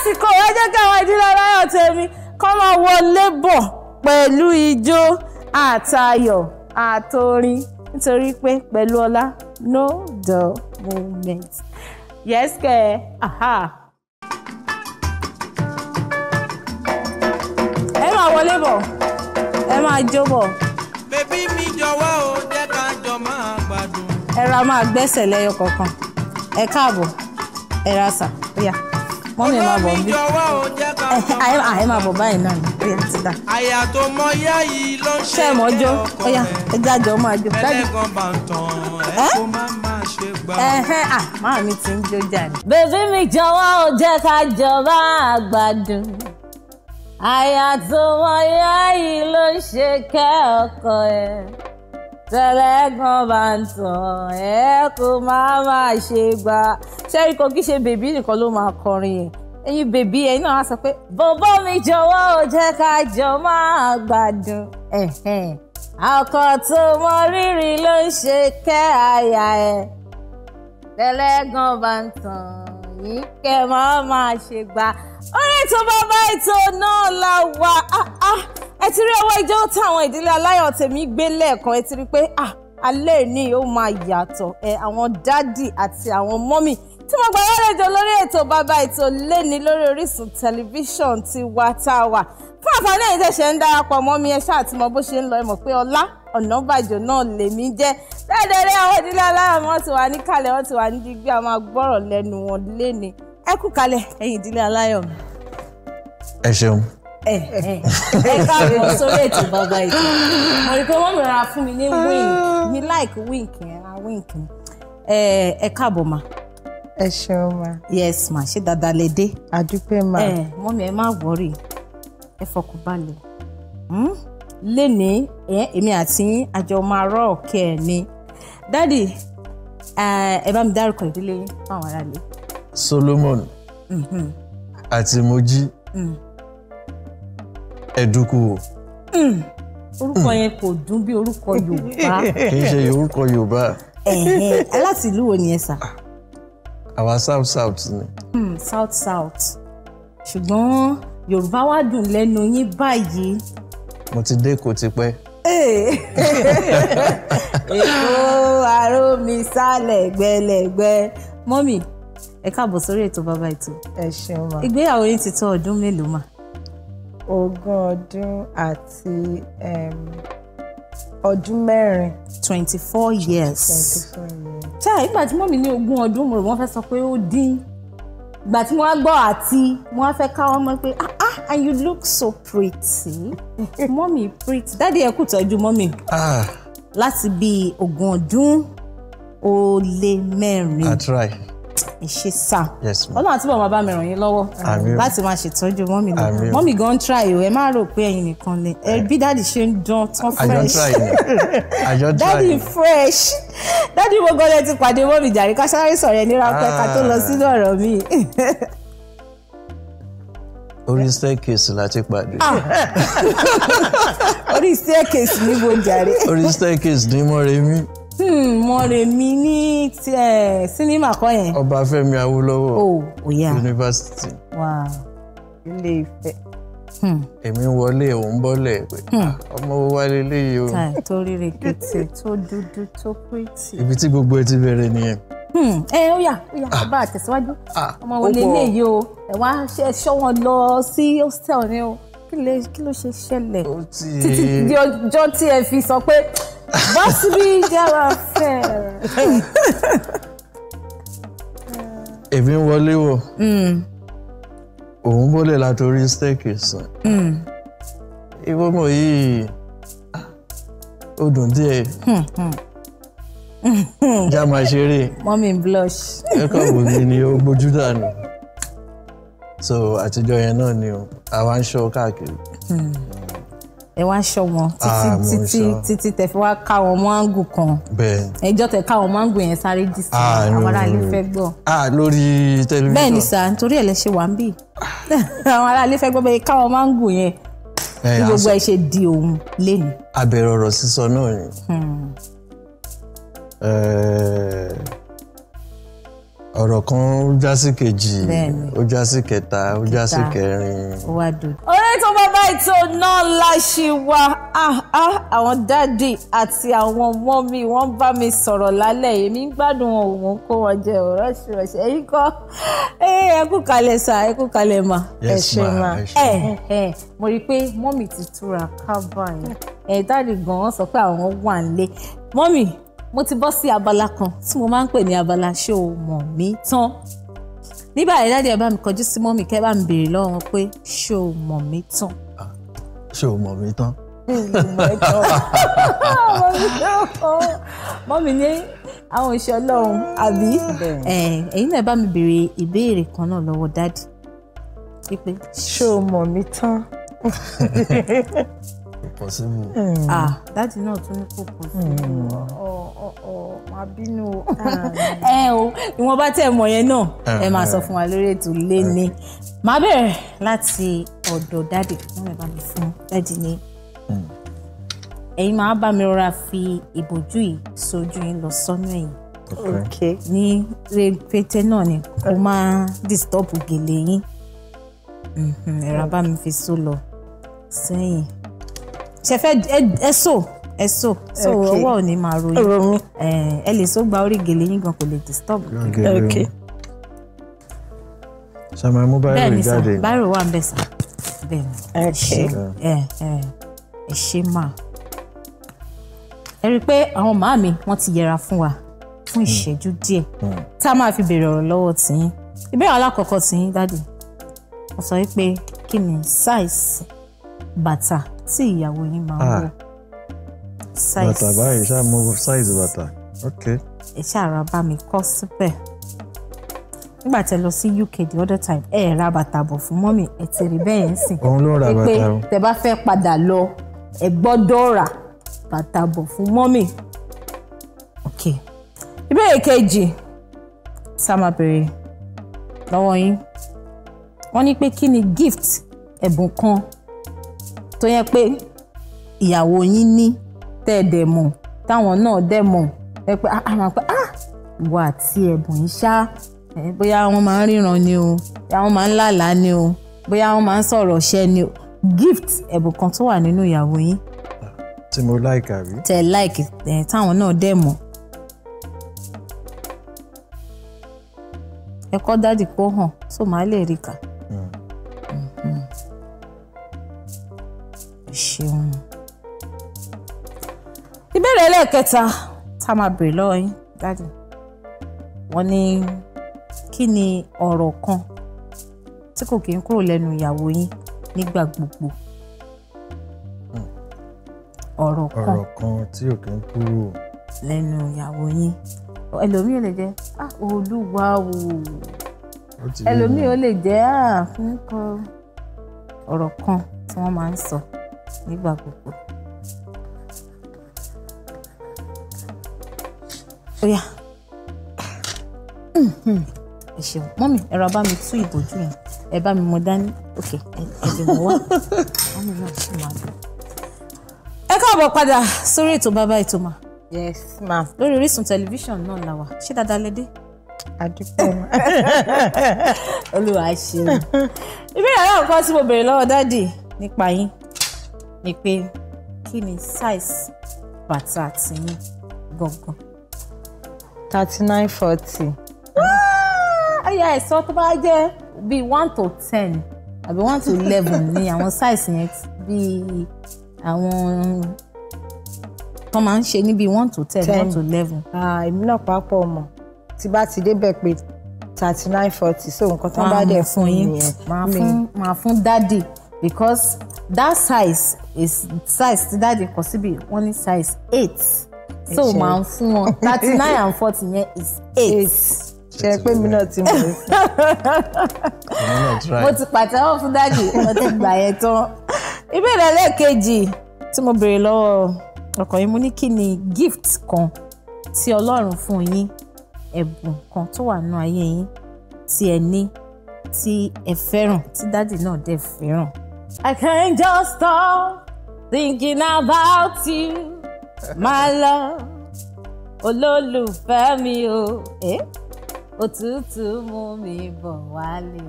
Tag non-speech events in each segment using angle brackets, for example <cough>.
lásìkò ẹ jẹ́ káwọn ìdílé aláyọ̀ tèmi kọ́ máa wọlé bọ̀ pẹ̀lú ijó àtayọ̀ àtorin nítorí pé pẹ̀lú ọlá no dull moment yes kẹ́ aha. ẹ máa wọlé bọ̀ jó bọ̀. ẹ ra máa gbẹ́sẹ̀ lẹ́yọ ẹ káàbọ̀ ẹ ra sà mọ́mí ẹ̀ máa bọ̀ bí àyè máa bọ̀ báyìí náà ẹ̀ ti dà. àyà tó mọ yá yìí ló ń ṣe ẹ̀kọ́ ọjọ́ ọ̀yà ẹ jájọ́ máa jọ. ẹlẹ́gàn bá ń tàn ẹ̀ eh? kó má máa ṣe gbà. ẹ̀hẹ́ à máa mi ti ń jó jà bèbí mi jọ̀wọ́ ò jẹ́ ká jọba àgbàdùn àyà tó mọ yá yìí ló ń ṣe kẹ́ ọkọ ẹ̀ tẹlẹgàn bá ń tàn ẹ kó má má ṣe gbà ṣẹ́rí Kogi ṣe bèbí nìkan ló máa kọrin yẹn ẹ̀yin bèbí ẹ̀yin náà á sọ pé bọ̀bọ̀ mi jọ̀wọ́ ò jẹ́ ká jọ máa gbádùn ọkọ tó mọ rírì ló ń ṣe kẹ́ àyà ẹ̀ tẹlẹgàn bá ń tàn yìí kẹ́ má má ṣe gbà orí ètò bàbá ètò náà la wà á ah, á. Ah ẹ ti rí ọwọ́ ijó táwọn ìdílé aláyọ̀ tèmi gbé lẹ́ẹ̀kan ẹ ti rí pé ah alẹ́ ní ó máa yàtọ̀ ẹ àwọn dádì àti àwọn mọ́mì tí mo gbà lálejò lórí ètò bàbá ètò lẹ́ni lórí Orísun tẹlifíṣàn ti wa tá a wà fún àǹfààní ẹ̀yin tẹ̀sẹ̀ ń darapọ̀ mọ́ mi ẹ ṣáà ti mọ bó ṣe ń lọ ẹ mọ̀ pé ọlá Ọ̀nàbàjọ́ náà lèmi jẹ́ dáadáa àwọn ìdílé aláyọ̀ wọn ti wà níkàlẹ̀ wọn ti wà ní digbí a máa lẹ́nu wọn lẹ́ni ẹ kú kalẹ̀ ẹ̀yin ìdílé aláyọ̀ ẹ ṣeun Eh, eh. Eh, ẹ káàbọ̀ sórí ètò bàbá ètò mo rí i pé wọ́n mi rà fún mi ní wink mi like wink yẹn ra wink ni ẹ káàbọ̀ ma. ẹ ṣeun ma. yes ma ṣé dáadáa lè dé. àdúpẹ́ ma. ẹ mọ́mi ẹ má wọ́rì ẹ fọkànbalẹ̀ hmm? lénìí èmi àti àjọ máa rọ ọ̀kẹ́ ẹ̀ ni dádì ẹ bá mi dárúkọ ìdílé fáwọn aráàlú. Solomon mm-hmm. àti Mojí. Mm -hmm ẹ̀dùkú o. Hmm. orúkọ yẹn kò dún bí orúkọ yorùbá. kì í ṣe orúkọ yorùbá. aláti ìlú wo ni ẹ sà. àwa south south ni. Hmm, south south ṣùgbọ́n yorùbá wá dùn lẹ́nu yín báyìí. mo ti dé kò ti pẹ́. Eh. èkó aró mi sálẹ̀ gbẹlẹ̀gbẹ mọ́mì ẹ káàbọ̀ sórí ètò bàbá ètò. ẹ ṣeun ma. ìgbéyàwó yín ti tó ọdún mélòó mà ogún ọdún àti um, ọdún mẹ́rin. twenty four years. twenty four years. ṣáà ìgbà tí mọ́mí ní ogún ọdún mo rò wọ́n fẹ́ sọ pé ó dín ìgbà tí mo wá gbọ́ àti mo wá fẹ́ káwọ́ mọ́ pé ah ah and you look so pretty <laughs> mọ́mí pretty dáàdi ẹ̀ kú tọ́jú mọ́mí. Ah. láti bíi ogún ọdún ó lé mẹ́rin. that's right ìṣesà ọlọ́run àtúbọ̀ máa bá mi ràn yín lọ́wọ́ eh, láti máa ṣètọ́jú mọ́mì náà mọ́mì gan try o ẹ má rò pé ẹ̀yin nìkan lẹ ẹ eh. bí dáàdì ṣe ń dán tán fresh <laughs> dáàdì fresh dáàdì mo gan lẹ ti pàdé mọ́mì jàre ká sáré sọ̀rọ̀ ẹ ní ráńpẹ́ ká tó lọ ah. sínú ọ̀rọ̀ mi. <laughs> orí staircase la ti pàdé. Ah. <laughs> orí staircase níbo jàre. orí staircase ní mọ́rẹ́mí. Hmm, Mọ̀rẹ̀mí ní sinima kọ́ yẹn. Ọbáfẹ́mi Awolowo. Oh, yunifásitì. Ilé Ifẹ̀. Hmm. Èmi wọlé òun bọ́lẹ̀ pé hmm. ah, ọmọ wo wá léléyìí o. Tó rí rèkété <laughs> tó dúdú tó pírítì. Ibi tí gbogbo ẹ ti bẹ̀rẹ̀ nìyẹn ẹ eh, ó yá ó yá ah. bá a tẹ̀síwájú ah. ọmọ olè lè yí o ẹ wá ṣọ́ wọn lọ sí hostel ni o kí ló ṣe ṣẹlẹ̀ títí di ọjọ́ tí ẹ fi sọ pé bọ́sì bí yàrá fẹ́. <laughs> èmi ń wọlé wọ̀ hmm. òun bọ́lẹ̀ látòrí staircase ìwọ́mọ̀ hmm. yìí ó dùn díẹ̀ hmm, já máa ṣeré. mọ́mí blush. ẹ̀kọ́ wo ni ni ó gbójú dànù so àtijọ́ yẹn náà ni o àwa ń ṣọ́ káàkiri. Hmm. ẹ wá ń ṣọ́ wọn ah, títí títí títí tẹ fi wá ká wọn mángù kan ẹjọ́ tẹ ká wọn mángù yẹn sáré jì sí ah, àwọn aráàlú fẹ́ gbọ́. Ah, lórí tẹlifíṣàn bẹ́ẹ̀ ni sà nítorí ẹ̀ lẹ ṣe wà ń bì <laughs> àwọn aráàlú fẹ́ gbọ́ bẹ́ẹ̀ ká wọn mángù yẹn eh, bí gbogbo ẹ ṣe di òun léni. àbẹ̀rẹ̀ ọ̀rọ̀ sísọ náà ni. Hmm. Eh, ọ̀rọ̀ kan ó já sí kejì ó já sí kẹta ó já sí kẹrin. ọ̀rẹ́ tó bá bá ètò náà láṣìwà ah, ah, àwọn dáàdì àti àwọn ọmọ mi wọ́n bá mi sọ̀rọ̀ lálẹ́ èmi ń gbádùn wọn òun kó wọn jẹ ọ̀rọ̀ ṣìrọ̀ṣẹ̀ ẹ̀yìn kọ́ ẹ kú kalẹ̀ sà ẹ kú kalẹ̀ mà ẹ ṣe mà ẹ ẹ mo rí i pé mọ́mì ti túra ká báyìí ẹ̀ dáàdì gan-an sọ pé àwọn wà ń lé mọ́mì mo ti bọ́ sí abala kan tí mo máa ń pè ní abala ṣé o mọ̀ mí tán nígbà yẹn dáadé ẹ bá mi kọjú sí mọ́mì kẹ́ bá mi béèrè lọ́wọ́ wọn pé ah, ṣé o mọ̀ mí tán. ṣé o mọ̀ mí tán. <laughs> mọ́mì ní àwọn òṣìṣẹ́ ọlọ́run àbí ẹ̀yin náà bá mi béèrè ìbéèrè kan náà lọ́wọ́ dáàdì ṣé o mọ̀ mí tán. <laughs> possible. Mm. ah, ah dáàdì náà tún ní kò possible ọ ọ ọ máa bínú o. Ah. <laughs> ẹ o ìwọ̀n bá tẹ̀ mọ̀ yẹn náà ah, ẹ máa sọ fún wa lórí ètò léni máa bẹ̀rẹ̀ láti ọ̀dọ̀ dáàdì fún ẹ̀ bá mi fún dáàdì ní mm. ẹ̀yin máa bá mi rọra fi ìbòjú yìí sojú yín lọ sọ́nà ẹ̀yìn okay ní rẹpẹtẹ náà ni kó má disturb gèlè yín mhm, ẹ̀rọ bá mi fi so lọ sẹ́yìn ṣe fẹ́ ẹ so ẹ so so ọwọ́ ò ní máa ro yín ẹ lè so gba orí gèlè yín gan kò lè disturb. sàmà mú báyìí rè jáde bẹ́ẹ̀ni sà báyìí rè wà bẹ́ẹ̀ sà bẹ́ẹ̀ni ẹ ṣe ẹ ẹ ṣe máa ẹ rí i pé àwọn màámi wọ́n ti yẹra fún wa fún hmm. ìṣẹ́jú díẹ̀ hmm. tá a máa fi béèrè ọ̀rọ̀ lọ́wọ́ tìyín ìbéèrè alákọ̀ọ́kọ́ tìyín dáàdì wọ́n sọ wípé kí ni size bàtà tí ìyàwó yín máa ń ah. wọ. bàtà báyìí ṣáà mo size bàtà ok. ẹ ṣáà ra bá mi kọ́ síbẹ̀ nígbà tẹ lọ sí UK the other time ẹ ra bàtà bọ̀ fún mọ́mì ẹ ti rí bẹ́ẹ̀ ń sìn. òun ló ra bàtà o. tẹ bá fẹ́ padà lọ ẹ gbọ́dọ̀ ra bàtà bọ̀ fún mọ́mì. ok ìbéèrè kejì sá máa lọ́wọ́ yín wọ́n ní pé kí ni gift ẹ̀bùn kan tó yẹ pé ìyàwó yín ní tẹ́ ẹ dẹ̀ mọ̀ táwọn náà dẹ̀ mọ̀ ẹ pé àwọn àpẹ ah, ah ìwà àti ẹ̀bùn yìí ṣá bóyá wọ́n máa ń ríran ni o bóyá wọ́n máa ń lálàá ni o bóyá wọ́n máa ń sọ̀rọ̀ ṣẹ́ ni o gift ẹ̀bùn kan tó wà nínú ìyàwó yín. tí mo láìka rí. tẹ láìkì táwọn náà dẹ̀ mọ̀. ẹ kọ́ dádì kó hàn tó máa lè rí kà. ẹlẹ́ẹ̀kẹta tá a máa bèrè lọ́wọ́ yín dáàdì wọ́n ní kí ni ọ̀rọ̀ kan tí kò kí ń kúrò lẹ́nu ìyàwó yín nígbà gbogbo ọ̀rọ̀ kan ọ̀rọ̀ kan tí ò kí ń kúrò lẹ́nu ìyàwó yín ẹlòmíì ò lè jẹ́ olúwa ẹlòmíì ò lè jẹ́ àfihàn ọ̀rọ̀ kan tí wọ́n máa ń sọ nígbà gbogbo. oya hmm, hmm. ẹ ṣeun mọ́mì ẹ̀rọ bá mi tú ìbòjú yẹn ẹ bá mi mọ dání òkè ẹ̀dẹ̀ mọ́ wá mọ́mì náà ṣì máa dùn. ẹ káàbọ̀ padà sórí ètò bàbá ètò mà. yes ma. lórí Orísun tẹlifíṣàn náà la wà ṣé dáadáa lẹ dé. àdúpẹ́ ma. <laughs> olúwa ṣe é. ìbéèrè àwọn nǹkan tí mo béèrè lọ́wọ́ dáàdì nípa yín ni pé kí ni size bàtà tiyín gangan thirty nine forty. Ah! ẹyà ẹ̀sọ́ tó bá jẹ́ bíi one to ten àbí one to eleven ni àwọn size yẹn bíi àwọn tó máa ń ṣe ní bíi one to ten one to eleven. èmi náà pàápọ̀ ọmọ tí bá ti débẹ̀ pé thirty nine forty so nǹkan tó bá dẹ̀ fún yín máa fún máa fún dádì because that size is size tí dádì kọ síbi wọ́n ní size eight so máa ń fún wọn thirty nine and forty yẹn is eight ṣe pé mi náà ti mọ̀ ẹ́ sí. mo ti pàtẹ́wọ́ fún dájú mo ti gbà yẹn tán. ìbéèrè ẹlẹ́ẹ̀kejì tí mo béèrè lọ́wọ́ ọkọ yìí mo ní kí ni gift kan tí ọlọ́run fún yín ẹ̀bùn kan tó wà nínú ayé yín tí ẹ ní tí ẹ fẹ́ràn tí dájú náà dẹ̀ fẹ́ràn. I can't just stop thinking about you my love olólùfẹ́ mi o òtútù mú mi bọ̀ wálé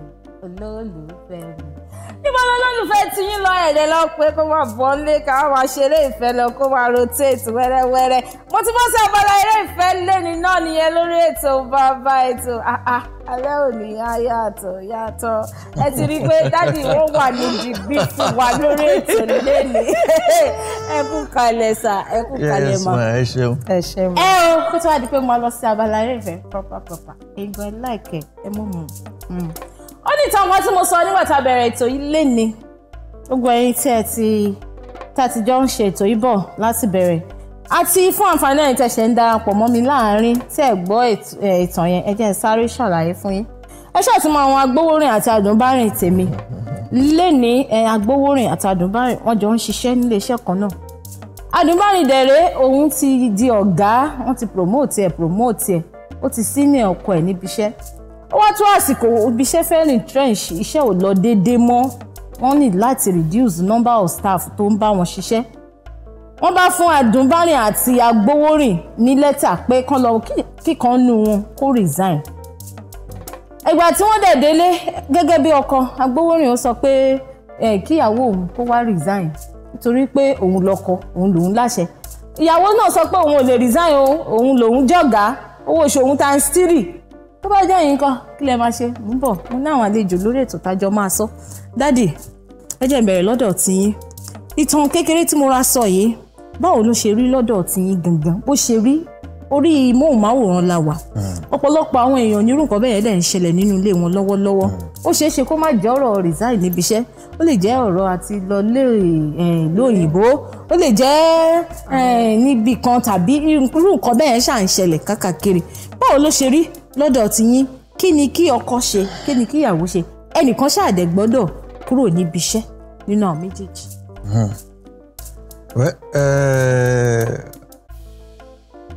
olólùfẹ́ mi níbo ló lólùfẹ́ tí yín lọ ẹ̀rẹ́ lọ pé kó wà bọ́ lé ká wà ṣeré ìfẹ́ lọ kó wà rotate wẹ́rẹ́wẹ́rẹ́ mo ti bọ́ sí abala eré ìfẹ́ lẹ́ni náà nìyẹn lórí ètò bàbá ètò ah, ah, alẹ́ òní á yàtọ̀ yàtọ̀ ẹ ti rí i pé dádì wọ́n wà ní jìbì fún wa lórí ètò lẹ́ni <laughs> ẹ kú kalẹ̀ sà ẹ kú kalẹ̀ mọ́ ẹ ṣeun ẹ ṣeun ẹ o kó tó wá di pé mo lọ sí abala eré ìfẹ́ proper proper èèyàn ẹ láìkẹ́ ẹ mú mu. Hmm ní ìtàn kan tí mo sọ nígbà tá a bẹ̀rẹ̀ ètò yìí lé gbogbo ẹ̀yin tí ẹ ti tá a ti jọ ń ṣe ètò yìí bọ̀ láti bẹ̀rẹ̀ àti fún àǹfààní ẹ̀yin tẹ̀sẹ̀ ń darapọ̀ mọ́ mi láàárín tí gbọ́ ìtàn yẹn ẹ jẹ́ ń sáré ṣàlàyé fún yín ẹ ṣàtúmọ̀ àwọn agbówórin àti àdùnbárìn tèmi lẹ́ni agbówórin àti àdùnbárìn wọ́n jọ ń ṣiṣẹ́ nílé iṣẹ́ kan náà àdùnbárìn dẹ̀rẹ́ òun ti di ọ̀gá wọ́n ti promote ẹ̀ promote ẹ̀ ó ti senior ọkọ ẹ̀ níbi iṣẹ́ ó wá tó àsìkò ibiṣẹ́ fẹ́ trench. iṣẹ́ ò lọ déédéé mọ́ wọ́n ní láti reduce number of staff tó ń bá wọn ṣiṣẹ́ wọ́n bá fún Àdúnbárìn àti Agbowórin ní lẹ́tà pé kán lọ kíkan nu wọn kó resign ìgbà tí wọ́n dẹ̀ délé gẹ́gẹ́ bí ọkọ Agbowórin ó sọ pé kíyàwó òun kó wá resign nítorí pé òun lọkọ òun lòun láṣẹ ìyàwó náà sọ pé òun ò lè resign o òun lòun jọ̀gá owó oṣù òun times three tó bá jẹ́ yín kan kí lẹ máa ṣe mú bọ̀ mo ní àwọn àlejò lórí ètò tájọ máa sọ dádì ẹ jẹ́ n bẹ̀rẹ̀ lọ́dọ̀ tiyín ìtàn kékeré tí mo ra sọ yìí báwo ló ṣe rí lọ́dọ̀ tiyín gangan bó ṣe rí orí móhùnmáwòrán la wà hmm. ọ̀pọ̀lọpọ̀ àwọn èèyàn onírú nǹkan bẹ́ẹ̀ dẹ̀ ń ṣẹlẹ̀ nínú ilé wọn lọ́wọ́lọ́wọ́ hmm. ó ṣeé ṣe kó má jẹ́ ọ̀rọ̀ resign níbi iṣẹ́ ó lè jẹ́ ọ̀rọ̀ àti lọ lé lóyìnbó ó lè jẹ́ níbi kan tàbí irú nǹkan bẹ́ẹ̀ ṣà ń ṣẹlẹ̀ káàkiri báwo ló ṣe rí lọ́dọ̀ tiyín kí ni kí ọkọ ṣe kí ni kí ìyàwó ṣe ẹnìkan ṣàdẹ̀ gbọ́dọ̀ kúrò níbi iṣẹ́ nínú àwọn méjèèjì. Eh,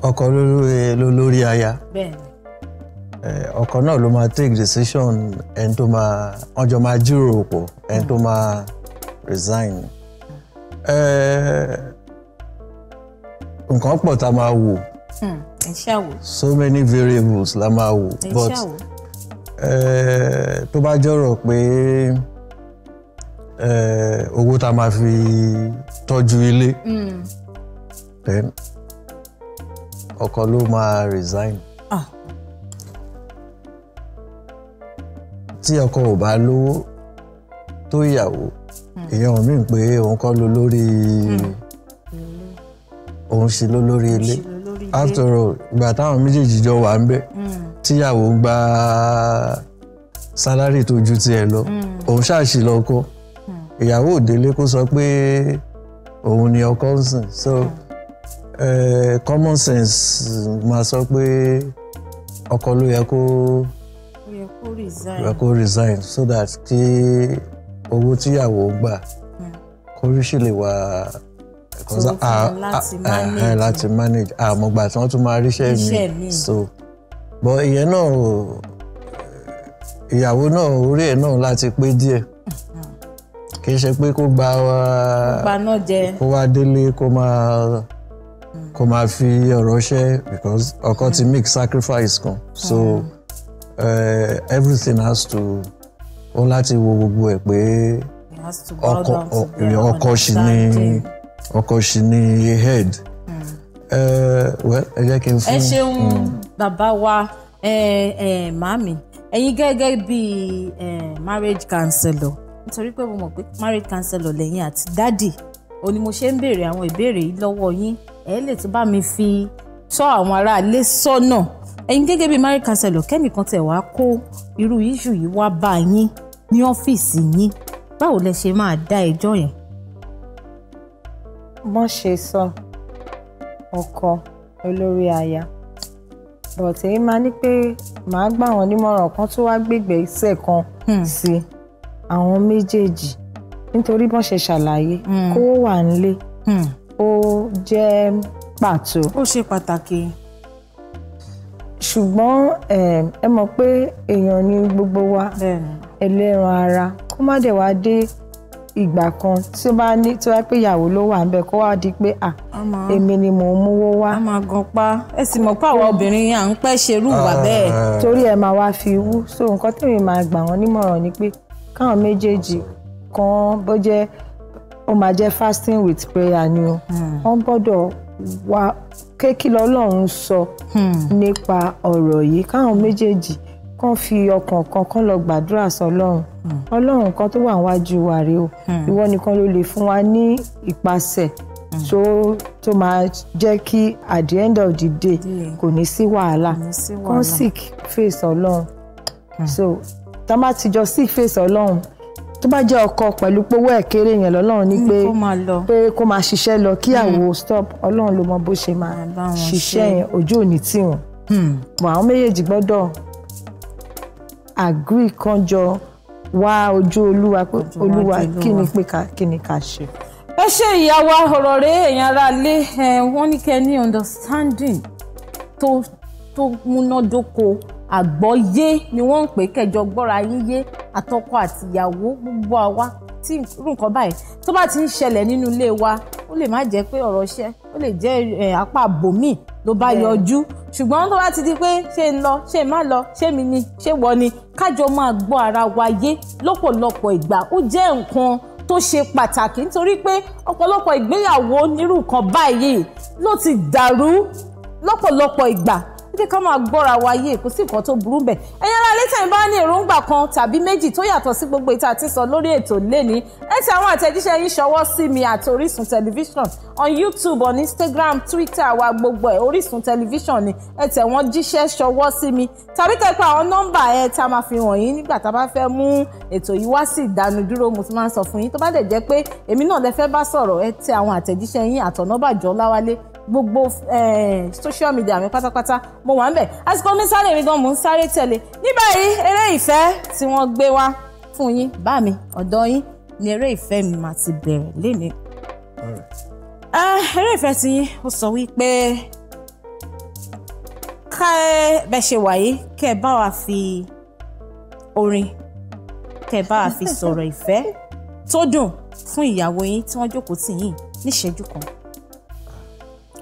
ọkọ eh, lórí aya eh, ọkọ náà ló máa take decision ẹni tó máa wọ́n jọ máa jíròrò pọ̀ ẹni tó máa resign. nǹkan pọ̀ tá a máa wò. Hmm so many variables la máa wò but eh, tó bá jọ̀rọ̀ pé eh, owó tá a máa fi tọ́jú ilé hmm. then ọkọ ló máa resign. Ah. tí ọkọ ò bá lówó tó ìyàwó hmm. èèyàn mi pé òun kọ́ ló lórí hmm. òun sì ló lórí ilé after all ìgbà táwọn méjèèjì jọ wà ń bẹ tíyàwó gba sálárì tó ju tiẹ̀ lọ òun ṣáàṣì lọ kọ ìyàwó òdélé kó sọ pé òun ni ọkọ ń sìn so common sense máa sọ pé ọkọ ló yẹ kó yẹ kó resign so that kí owó tíyàwó gbà hmm. kó rí ṣe lè wà so láti eh, eh, manage láti manage àmọ́gbà ah, tí wọ́n tún máa ríṣẹ́ mi so but ìyẹn náà ìyàwó náà orí ẹ̀ náà láti pé díẹ̀ kì í ṣe pé kó gba kó wá délé kó máa kó máa fi ọ̀rọ̀ ṣe because ọkọ ti make sacrifice kan so hmm. eh, everything has to ó láti wo gbogbo ẹ̀ pé ọkọ ọkọ ṣì ni ọkọ ṣì ni head ẹ hmm. eh, ẹ jẹ́ kí n fún. ẹ ṣeun hmm. bàbá wa màmí ẹ̀yin gẹ́gẹ́ bíi marriage counselor nítorí pé mo mọ̀ pé marriage counselor lẹ́yìn àti dádì ó ní mo ṣe ń béèrè àwọn ìbéèrè yìí lọ́wọ́ yín ẹ lè tún bá mi fi tọ́ àwọn aráalé sọ́nà ẹ̀yin gẹ́gẹ́ bíi marriage counselor kẹ́nìkan tẹ̀ wá kó irú issue yìí wá bá yín ní ọ́fíìsì yín báwo lẹ ṣe máa dá ẹjọ́ yẹn mọ̀ ṣe sọ ọkọ olórí aya but èyí máa ní pé màá gbà wọ́n nímọ̀ràn kan tó wá gbégbé iṣẹ́ kan hmm. sí àwọn méjèèjì nítorí bọ́n ṣe ṣàlàyé hmm. kó wà nílé hmm. ó jẹ́ pàtó. ó ṣe pàtàkì. ṣùgbọ́n ehm, ẹ mọ̀ pé èèyàn ni gbogbo wa ẹlẹ́ran ara kó má dẹ̀ wá dé ìgbà kan tí ó bá ní tí ó bá pé ìyàwó ló wà níbẹ̀ kó wá di pé à èmi ni mò ń mówó wá. a máa gan pa ẹ sì mọ̀ pé àwọn obìnrin yẹn à ń pẹ́ ṣerú ìwà ah. bẹ́ẹ̀. torí ẹ máa wá fi wú so nǹkan tèmi máa gbà wọ́n nímọ̀ràn ni pé káwọn méjèèjì kan bó jẹ́ ó máa jẹ́ fasting with prayer ni o hmm. wọ́n gbọ́dọ̀ wá kékeré ọlọ́run sọ hmm. nípa ọ̀rọ̀ yìí káwọn méjèèjì kán fi ọkàn kan kán lọ gbàdúrà sọ́lọ́run ọlọ́run kan tó wà wájú wa rèé o hmm. ìwọ nìkan ló lè fún wa ní ìpasẹ̀ hmm. tó máa jẹ́ kí at the end of the day kò ní sí wàhálà kán sick face ọlọ́run hmm. so tá a bá ti jọ sick face ọlọ́run tó bá jẹ́ ọkọ pẹ̀lú pówó ẹ̀ kéré yẹn lọ́lọ́run ni pé pé kó máa ṣiṣẹ́ lọ kí àwo stop ọlọ́run ló mọ bó ṣe máa ṣiṣẹ́ yẹn ojú òní tì wọ́n àwọn méjèèjì gbọ́dọ̀ agree kan jọ wá ojú olúwa pé olúwa kí ni pé ká kí ni ká ṣe. ẹ ṣe ìyàwó ọ̀rọ̀ rẹ èèyàn ara lé wọ́n ní kẹ́ ní understanding tó tó múnádóko àgbọ́yé ni wọ́n ń pè kẹjọ gbọ́ra yín yé àtọkọ àtìyàwó gbogbo àwa tí irú nǹkan báyìí tó bá ti ń ṣẹlẹ̀ nínú ilé wa ó lè má jẹ́ pé ọ̀rọ̀ iṣẹ́ ó lè jẹ́ apá àbòmíì ló bá yọjú ṣùgbọ́n tó bá ti di pé ṣé ń lọ ṣé má lọ ṣé mi ni ṣé wọ ni kájọ máa gbọ́ ara wa yé lọ́pọ̀lọpọ̀ ìgbà ó jẹ́ nǹkan tó ṣe pàtàkì nítorí pé ọ̀pọ̀lọpọ̀ ìgbéyàwó nírú kan báyìí ló ti dàrú lọ́pọ̀lọpọ̀ ìgbà jẹ́ ká máa gbọ́ra wa yé kò sí nǹkan tó burú bẹ̀ ẹ̀yin ará ilé tẹ̀yìn bá ní èròǹgbà kan tàbí méjì tó yàtọ̀ sí gbogbo ìta àti sọ lórí ètò lẹ́ni ẹ ti àwọn àtẹ̀jíṣẹ́ yín ṣọwọ́ sí mi àti Orísun tẹlifíṣàn on YouTube on Instagram Twitter wa gbogbo ẹ̀ Orísun tẹlifíṣàn ni ẹ tẹ̀ wọ́n jíṣẹ́ ṣọwọ́ sí mi tàbí tẹ̀ pa àwọn nọ́mbà ẹ tá a máa fi hàn yín nígbà tá a bá fẹ́ mú ètò yìí wá sí ìdánudúró mo ti máa ń sọ fún yín tó bá dẹ̀ jẹ́ pé èmi náà lẹ fẹ́ bá sọ̀rọ̀ ẹ tẹ̀ àwọn àtẹ̀jíṣẹ́ yín àtọ̀nàbàjọ́ láwálé 0244 gbogbo eh, social media mi pátápátá mo wà ń bẹ̀ àsìkò mi sáré mi gan mo ń sáré tẹ̀lé ní báyìí eré ìfẹ́ tí wọ́n gbé wá fún yín bá mi ọ̀dọ̀ yín ni eré ìfẹ́ mi máa ti bẹ̀rẹ̀ lénìí. Eh, eré ìfẹ́ ti yín ó sọ wípé ká ẹ bẹ ṣe wàyí kẹ bá wa fi orin kẹ bá wa fi sọ̀rọ̀ ìfẹ́ tó dùn fún ìyàwó yín tí wọ́n jókòó tì yín níṣẹ́jú kan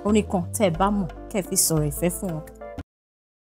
orin kan tẹ́ ẹ bá mọ̀ kẹ́ ẹ fi sọ̀rọ̀ ìfẹ́ fún wọn